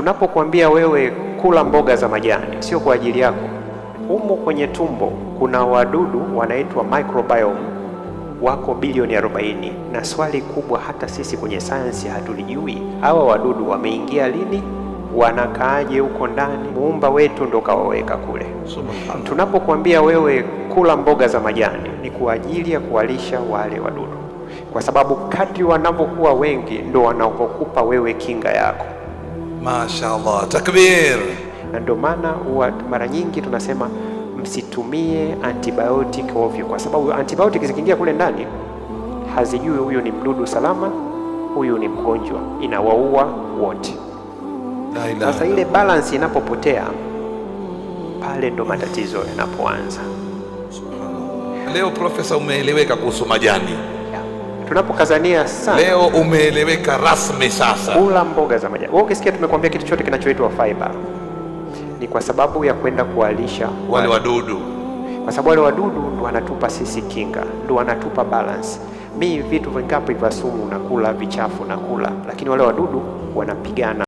Tunapokuambia wewe kula mboga za majani, sio kwa ajili yako. Humo kwenye tumbo kuna wadudu wanaitwa microbiome, wako bilioni arobaini na swali kubwa hata sisi kwenye sayansi hatulijui, hawa wadudu wameingia lini wanakaaje huko ndani? Muumba wetu ndo kawaweka kule. Tunapokuambia wewe kula mboga za majani, ni kwa ajili ya kuwalisha wale wadudu, kwa sababu kadri wanavyokuwa wengi ndo wanavyokupa wewe kinga yako mashallah takbir. Na ndio maana huwa mara nyingi tunasema msitumie antibiotic ovyo, kwa sababu antibiotic zikiingia kule ndani hazijui huyu ni mdudu salama, huyu ni mgonjwa, inawaua wote. Sasa ile balance inapopotea, pale ndo matatizo yanapoanza. Leo profesa, umeeleweka kuhusu majani tunapokazania sana. Leo umeeleweka rasmi sasa. Kula mboga za majani. Wewe ukisikia tumekuambia kitu chote kinachoitwa fiber ni kwa sababu ya kwenda kuwalisha wale wadudu, kwa sababu wale wadudu ndo wanatupa sisi kinga, ndo wanatupa balance. Mi vitu vingapi vya sumu nakula, vichafu nakula, lakini wale wadudu wanapigana.